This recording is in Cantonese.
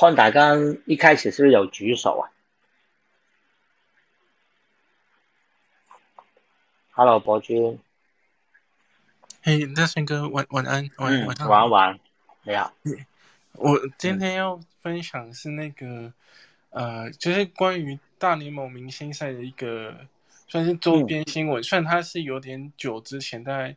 看大家一開始是不是有舉手啊？Hello，博君。嘿，大勳哥，晚晚安、嗯，晚晚安。你好，我今天要分享的是那個、嗯，呃，就是關於大聯盟明星賽的一個，算是周邊新聞、嗯，雖然它是有點久之前在。